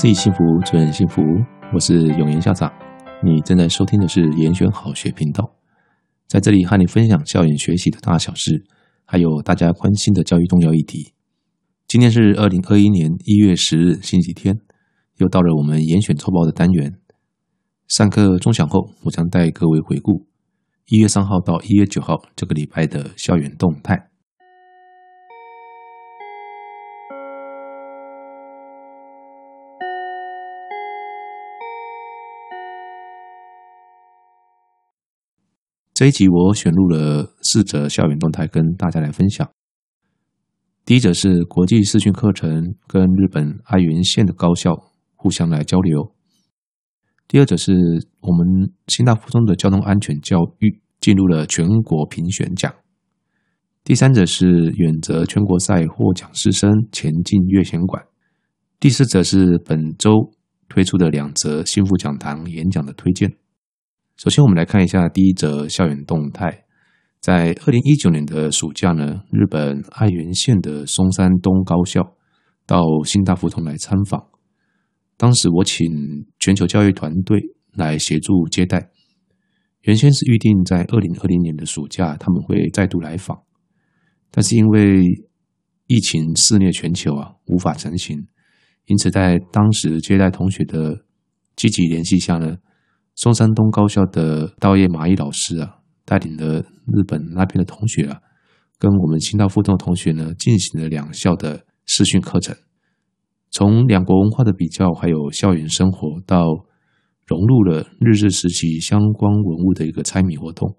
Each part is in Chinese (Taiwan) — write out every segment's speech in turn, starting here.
自己幸福，助人幸福。我是永延校長，你正在收聽的是延選好學頻道。在這裡和你分享校園學習的大小事，還有大家關心的教育重要議題。今天是二零二一年一月十日，星期天，又到了我們延選週報的單元。上課鐘響後，我將帶各位回顧一月三號到一月九號這個禮拜的校園動態。這一集我選入了四則校園動態跟大家來分享。第一則，是國際視訊課程跟日本愛媛縣的高校互相來交流。第二則，是我們興大附中的交通安全教育進入了全國評選獎。第三則，是遠哲全國賽獲獎師生前進悅賢館。第四則，是本週推出的兩則興附講堂演講的推薦。首先，我們來看一下第一則校園動態。在二零一九年的暑假呢，日本愛媛縣的松山東高校到興大附中來參訪。當時我請全球教育團隊來協助接待。原先是預定在二零二零年的暑假他們會再度來訪，但是因為疫情肆虐全球啊，無法成行。因此，在當時接待同學的積極聯繫下呢。松山東高校的稻葉麻衣老師啊，帶領了日本那邊的同學啊，跟我們興大附中的同學呢，進行了兩校的視訊課程。從兩國文化的比較，還有校園生活，到融入了日治時期相關文物的一個猜謎活動，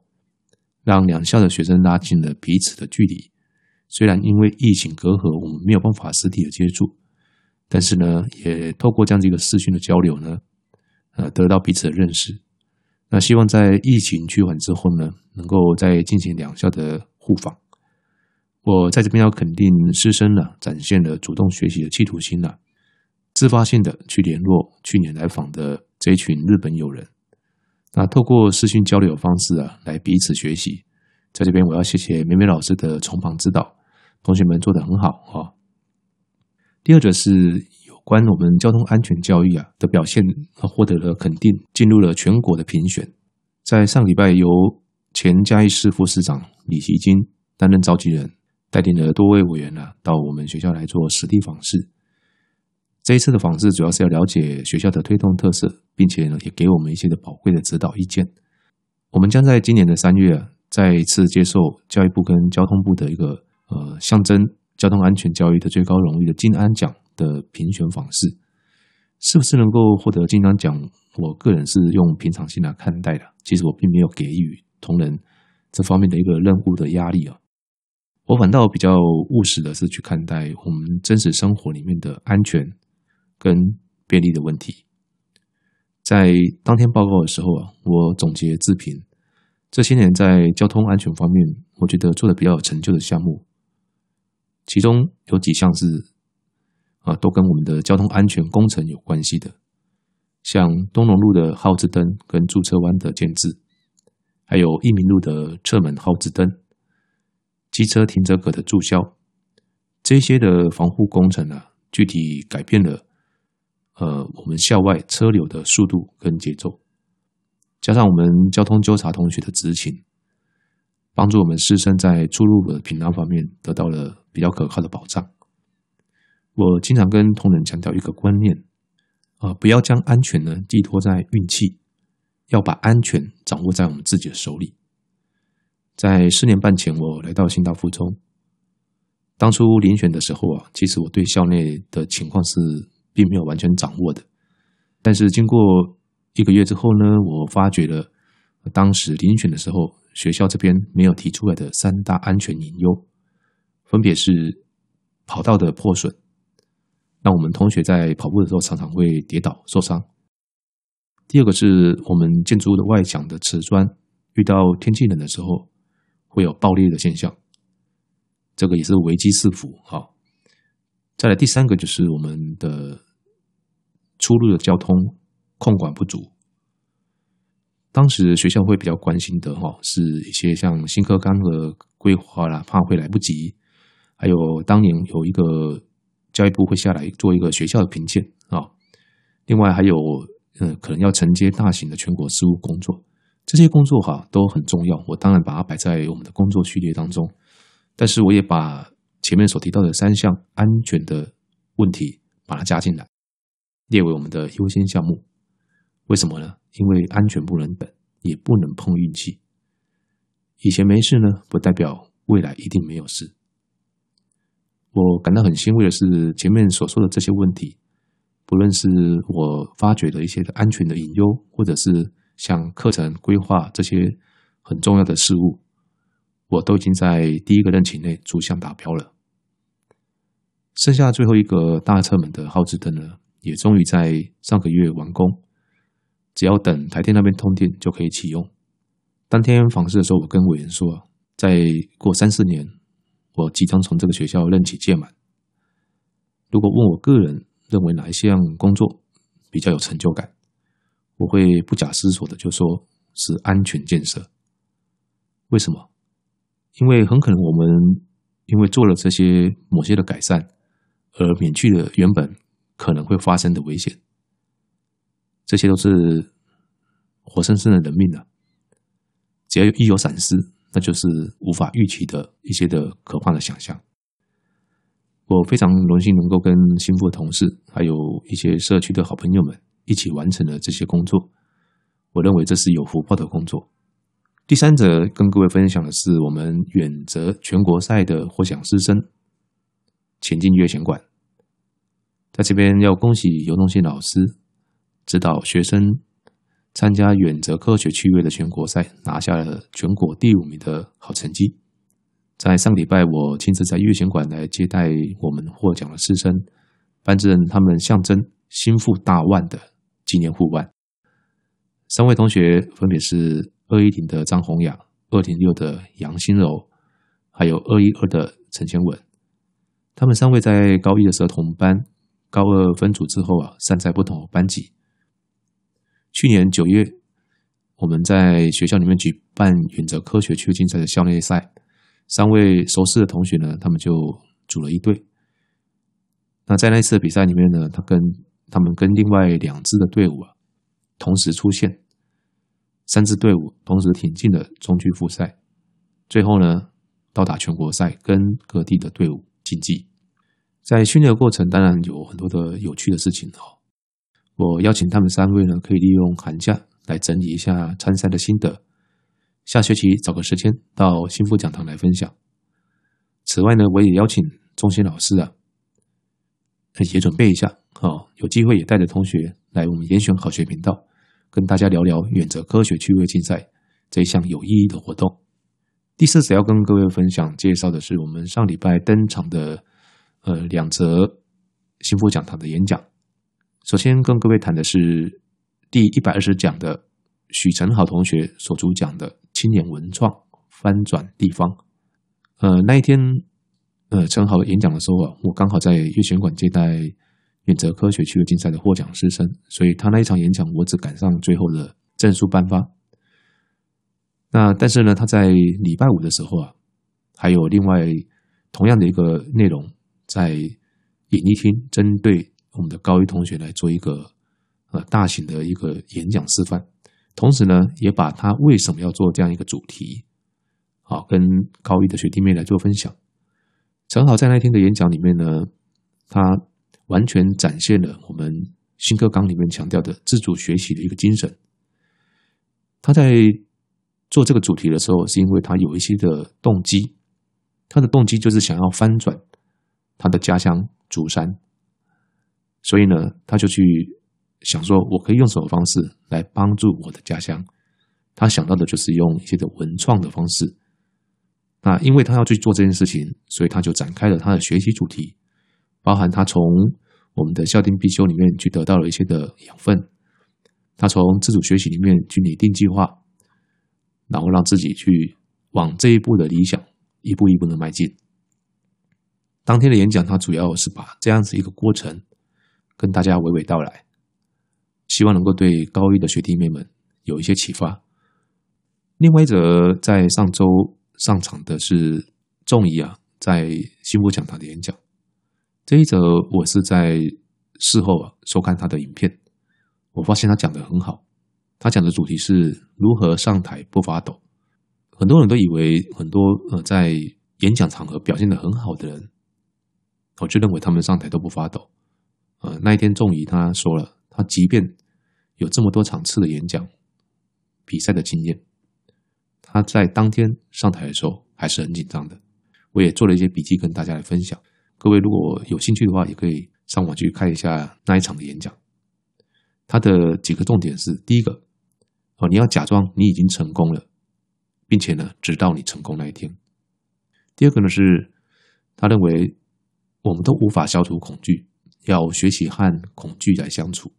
讓兩校的學生拉近了彼此的距離。雖然因為疫情隔閡，我們沒有辦法實體的接觸，但是呢，也透過這樣子一個視訊的交流呢。呃，得到彼此的認識，那希望在疫情趨緩之後呢，能夠再進行兩校的互訪。我在這邊要肯定師生呢、啊，展現了主動學習的企圖心呢、啊，自發性的去聯絡去年來訪的這一群日本友人，那透過視訊交流方式啊，來彼此學習。在這邊我要謝謝梅梅老師的從旁指導，同學們做得很好啊、哦。第二則是。關於我們交通安全教育啊的表現，獲得了肯定，進入了全國的評選。在上禮拜，由前嘉義市副市長李希金擔任召集人，帶領了多位委員呢、啊，到我們學校來做實地訪視。這一次的訪視，主要是要了解學校的推動特色，並且呢，也給我們一些的寶貴的指導意見。我們將在今年的三月啊，再一次接受教育部跟交通部的一個呃，象徵交通安全教育的最高榮譽的金安獎。的評選方式，是不是能夠獲得？經常講，我個人是用平常心來看待的。其實我並沒有給予同仁這方面的一個任務的壓力啊。我反倒比較務實的是去看待我們真實生活裡面的安全跟便利的問題。在當天報告的時候啊，我總結自評這些年在交通安全方面，我覺得做的比較有成就的項目，其中有幾項是。啊，都跟我們的交通安全工程有關係的，像東龍路的號誌燈跟駐車彎的建置，還有一民路的側門號誌燈、機車停車格的注銷，這些的防護工程啊，具體改變了呃我們校外車流的速度跟節奏，加上我們交通糾察同學的執勤，幫助我們師生在出入的平安方面得到了比較可靠的保障。我經常跟同仁強調一個觀念啊、呃，不要將安全呢寄托在運氣，要把安全掌握在我們自己的手裡。在四年半前，我來到興大附中，當初遴選的時候啊，其實我對校內的情況是並沒有完全掌握的。但是經過一個月之後呢，我發覺了當時遴選的時候學校這邊沒有提出來的三大安全隱憂，分別是跑道的破損。那我們同學在跑步的時候常常會跌倒受傷。第二個是我們建築物的外牆的瓷磚遇到天氣冷的時候會有爆裂的現象，這個也是危機四伏哈、哦。再來第三個就是我們的出入的交通控管不足。當時學校會比較關心的哈、哦，是一些像新課綱的規劃啦，怕會來不及，還有當年有一個。教育部會下來做一個學校的評鑑啊，另外還有嗯，可能要承接大型的全國事務工作，這些工作哈都很重要，我當然把它擺在我們的工作序列當中。但是我也把前面所提到的三項安全的問題，把它加進來，列為我們的優先項目。為什麼呢？因為安全不能等，也不能碰運氣。以前沒事呢，不代表未來一定沒有事。我感到很欣慰的是，前面所說的這些問題，不論是我發掘的一些的安全的隱憂，或者是像課程規劃這些很重要的事物，我都已經在第一個任期內逐項達標了。剩下最後一個大側門的號誌燈呢，也終於在上個月完工，只要等台電那邊通電就可以啟用。當天訪視的時候，我跟委員說，再過三四年。我即將從這個學校任期屆滿。如果問我個人認為哪一項工作比較有成就感，我會不假思索的就說是安全建設。為什麼？因為很可能我們因為做了這些某些的改善，而免去了原本可能會發生的危險。這些都是活生生的人命啊！只要一有閃失，那就是無法預期的一些的可怕的想象。我非常榮幸能夠跟心腹的同事，還有一些社區的好朋友們一起完成了這些工作。我認為這是有福報的工作。第三則跟各位分享的是我們遠哲全國賽的獲獎師生，前進悅賢館、館，在這邊要恭喜游東信老師指導學生，參加遠哲科學趣味的全國賽，拿下了全國第五名的好成績。在上個禮拜，我親自在悅賢館來接待我們獲獎的師生，頒贈他們象徵興附大腕的紀念護腕。三位同學分別是二一零的張洪雅、二零六的楊心柔，還有二一二的陳千文。他們三位在高一的時候同班，高二分組之後啊，散在不同班級。去年九月，我們在學校裡面舉辦遠哲科學趣味競賽的校內賽，三位熟識的同學呢，他們就組了一隊。那在那次比賽裡面呢，他跟他們跟另外兩支的隊伍啊，同時出現，三支隊伍同時挺進了中區複賽，最後呢，到達全國賽跟各地的隊伍競技。在訓練的過程，當然有很多的有趣的事情哦。我邀請他們三位呢，可以利用寒假來整理一下參賽的心得，下學期找個時間到興附講堂來分享。此外呢，我也邀請鍾賢老師啊，也準備一下，好、哦，有機會也帶着同學來我們延選好學頻道，跟大家聊聊遠哲科學趣味競賽這一項有意義的活動。第四，次要跟各位分享介紹的是我們上禮拜登場的，呃，兩則興附講堂的演講。首先跟各位談的是第一百二十講的許晨豪同學所主講的青年文創翻轉地方。呃，那一天，呃，晨豪演講的時候啊，我剛好在悅賢館接待遠哲科學趣味競賽的獲獎師生，所以他那一場演講我只趕上最後的證書頒發。那但是呢，他在禮拜五的時候啊，還有另外同樣的一個內容在演藝廳針對。我們的高一同學來做一個呃大型的一個演講示範，同時呢，也把他為什麼要做這樣一個主題，好，跟高一的學弟妹來做分享。正好在那天的演講裡面呢，他完全展現了我們新課綱裡面強調的自主學習的一個精神。他在做這個主題的時候，是因為他有一些的動機，他的動機就是想要翻轉他的家鄉竹山。所以呢，他就去想說，我可以用什麼方式來幫助我的家鄉？他想到的就是用一些的文創的方式。那因為他要去做這件事情，所以他就展開了他的學習主題，包含他從我們的校訂必修裡面去得到了一些的養分，他從自主學習裡面去擬定計劃，然後讓自己去往這一步的理想一步一步的邁進。當天的演講，他主要是把這樣子一個過程。跟大家娓娓道來，希望能夠對高一的學弟妹們有一些啟發。另外一則在上周上場的是仲怡啊，在興附講堂的演講。這一則我是在事後啊收看他的影片，我發現他講的很好。他講的主題是如何上台不發抖。很多人都以為很多呃在演講場合表現的很好的人，我就認為他們上台都不發抖。呃，那一天，仲怡他說了，他即便有這麼多場次的演講、比賽的經驗，他在當天上台的時候還是很緊張的。我也做了一些筆記跟大家來分享。各位如果有興趣的話，也可以上網去看一下那一場的演講。他的幾個重點是：第一個，哦，你要假裝你已經成功了，並且呢，直到你成功那一天。第二個呢是，他認為我們都無法消除恐懼。要學習和恐懼來相處，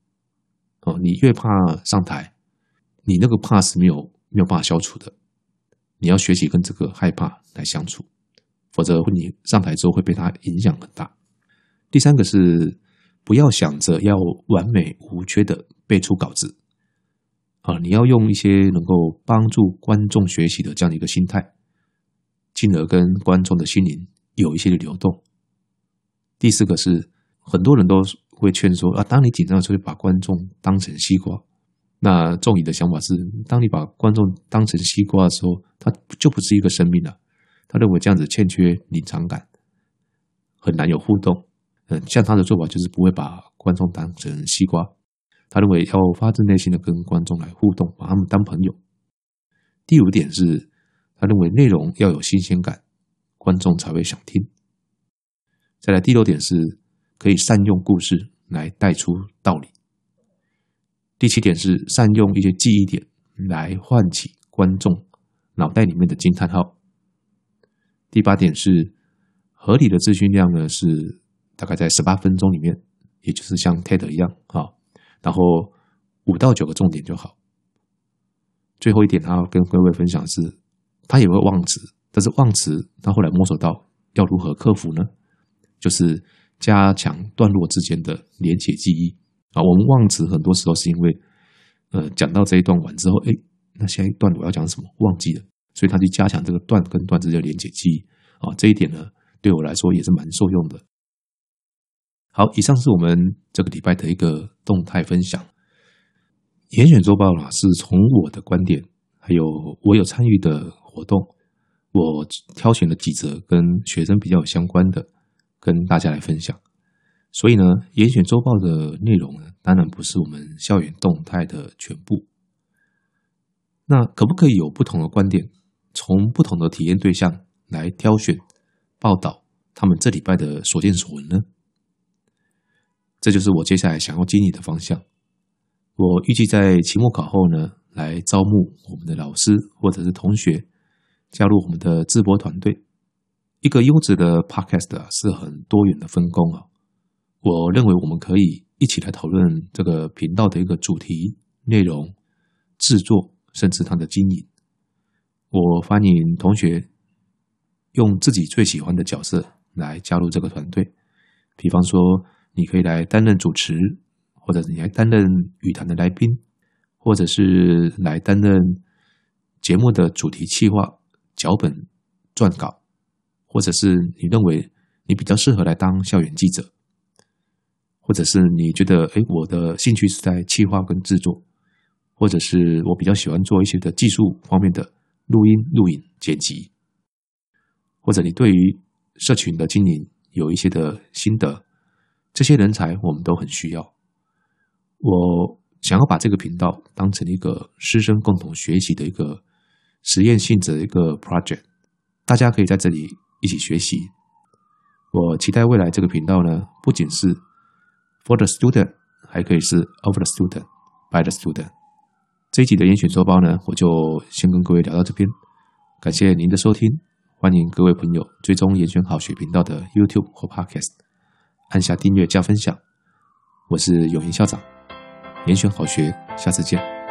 哦，你越怕上台，你那個怕是沒有沒有辦法消除的。你要學習跟這個害怕來相處，否則你上台之後會被它影響很大。第三個是不要想着要完美無缺的背出稿子，啊，你要用一些能夠幫助觀眾學習的這樣一個心態，進而跟觀眾的心靈有一些的流動。第四個是。很多人都會勸說啊，當你緊張的時候，把觀眾當成西瓜。那仲宇的想法是，當你把觀眾當成西瓜的時候，他就不是一個生命了。他認為這樣子欠缺臨場感，很難有互動。嗯，像他的做法就是不會把觀眾當成西瓜，他認為要發自內心的跟觀眾來互動，把他們當朋友。第五點是，他認為內容要有新鮮感，觀眾才會想聽。再來第六點是，可以善用故事來帶出道理。第七點是善用一些記憶點來喚起觀眾腦袋裡面的驚嘆號。第八點是合理的資訊量呢，是大概在十八分鐘裡面，也就是像 TED 一樣啊，然後五到九個重點就好。最後一點，他要跟各位分享是，他也會忘詞，但是忘詞他後來摸索到要如何克服呢，就是。加強段落之間的連結記憶啊，我們忘詞很多時候是因為，呃，講到這一段完之後，哎、欸，那下一段我要講什麼忘記了，所以他去加強這個段跟段之間的連結記憶啊，這一點呢，對我來說也是蠻受用的。好，以上是我們這個禮拜的一個動態分享，延選週報啊，是從我的觀點，還有我有參與的活動，我挑選了幾則跟學生比較有相關的。跟大家來分享，所以呢，延選週報的內容呢，當然不是我們校園動態的全部。那可不可以有不同的觀點，從不同的體驗對象來挑選報道他們這禮拜的所見所聞呢？這就是我接下來想要經歷的方向。我預計在期末考後呢，來招募我們的老師或者是同學加入我們的自播團隊。一個優質的 Podcast 啊，是很多元的分工啊！我認為我們可以一起來討論這個頻道的一個主題、內容、制作，甚至它的經營。我歡迎同學用自己最喜歡的角色來加入這個團隊。比方說，你可以來擔任主持，或者是你來擔任語壇的來賓，或者是來擔任節目的主題企劃、腳本撰稿。或者是你認為你比較適合來當校園記者，或者是你覺得哎，我的興趣是在企劃跟制作，或者是我比較喜歡做一些的技術方面的錄音、錄影、剪輯，或者你對於社群的經營有一些的心得，這些人才我們都很需要。我想要把這個頻道當成一個師生共同學習的一個實驗性質的一個 project，大家可以在這裡。一起學習，我期待未來這個頻道呢，不僅是 for the student，還可以是 of the student，by the student。這一集的延選週報呢，我就先跟各位聊到這邊。感謝您的收聽，歡迎各位朋友追蹤延選好學頻道的 YouTube 或 Podcast，按下訂閱加分享。我是永延校長，延選好學，下次見。